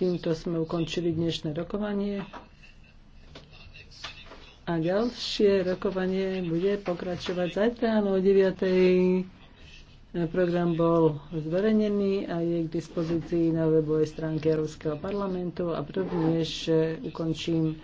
Týmto sme ukončili dnešné rokovanie. A ďalšie rokovanie bude pokračovať zajtra no, o 9. Program bol zverejnený a je k dispozícii na webovej stránke Európskeho parlamentu a prvnež e, ukončím